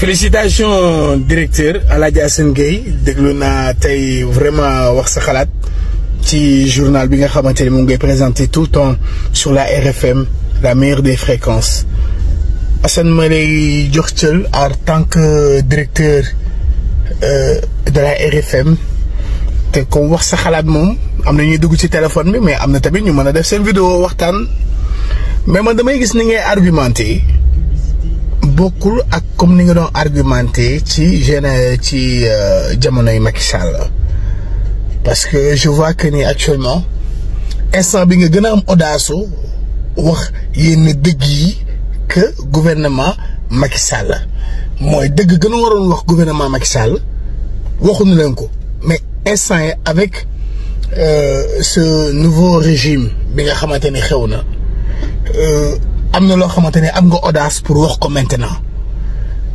félicitations directeur Aladia Assane Gueye déglu vraiment wax sa xalaat journal bi nga présenté tout le temps sur la RFM la meilleure des fréquences Assane ma en tant que directeur euh, de la RFM te comme wax sa xalaat moom am Je ñuy ci téléphone mais il tamit ñu a def seen vidéo mais man damay gis ni argumenté bokkul ak comme ni nga doon argumenter ci gene ci euh, jamono Macky Sall parce que je vois que ni actuellement instant bi nga gëna am audace wax yene deug yi que gouvernement Macky Sall moy deug gëna waron wax gouvernement Macky Sall ñu len ko mais instant yi avec euh, ce nouveau régime bi nga xamanteni xewna euh amna lo xamantene ne am nga audace pour wax ko maintenant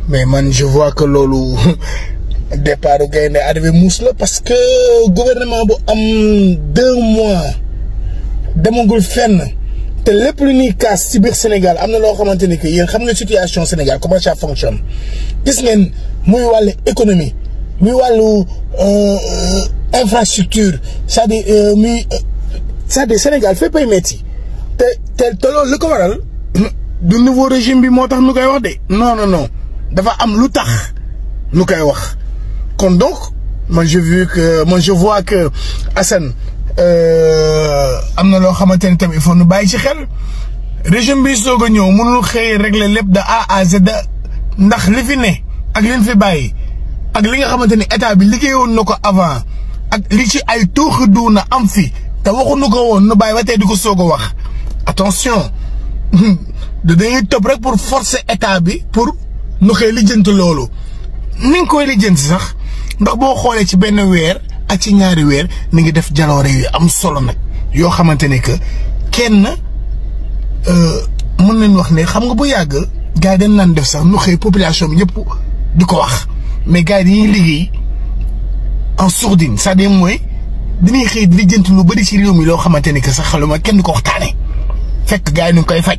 mais man je vois que lolu départ gaynde arrivé muus parce que gouvernement bu am deux mois demagul fenn te lepp lu ni casse ci bir Sénégal amna lo xamantene que yeen xam nga situation Sénégal comment ça fonctionne gis ngeen muy walé économie muy wàllu euh, infrastructure c'est-à-dire euh, muy euh, c'est-à-dire Sénégal fait pas metti te te te le ko waral du nouveau régime bi motax tax koy wax de non non non dafa am lutax tax koy wax kon donc moi je vu que moi je vois que Assane euh amna lo xamanteni ni il faut nous bàyyi ci xel régime bi soog ñew ñëw xey régler lépp de A à Z ndax li fi ne ak li fi bàyyi ak li nga xamanteni état bi liggéeyoon na ko avant ak li ci ay tooxi na am fi te waxuñu ko won nu bàyyi ba diko di wax attention. dañuy tëb rek pour forcer état bi pour nu koy lijjanti loolu ni nga koy lijjanti sax ndax boo xoolee ci benn weer ak ci ñaari weer mi ngi def jaloore yu am solo nag yoo xamante ni que kenn euh, mën nañ wax ne xam nga bu yàgg gars yi dañ naan def sax nu xëy population bi ñëpp di ko wax mais gars yi dañuy liggéey en sourdine c'est-à-dire mooy dañuy xëy di lijjanti lu bëri ci réew mi loo xamante ni que sax xaluma kenn ko waxtaane fekk gars yi ñu koy faj.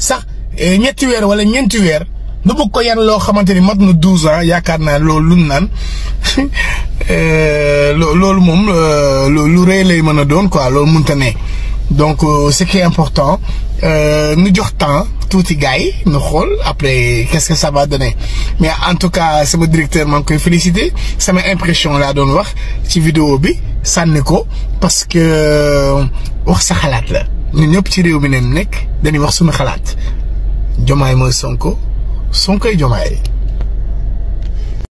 sax eh, ñetti wër wala ñenti wër nu bëgg ko yenn loo xamante ni mat na douze ans yaakaar naa loolu lu naan eh, loolu moom eh, lu rëy lay mën a doon quoi loolu mënta ne donc euh, ce qui est important euh, nu jox temps tuuti gars nu xool après qu'est-ce que ça va donner mais en tout cas sama directeur maa ngi koy féliciter sama impression laa doon wax ci vidéo bi sànni ko parce que euh, wax sa xalaat la. ñun ñëpp ci réew mi neen nekk dañuy wax a xalaat jomaay mooy sonko sonkoy jomaay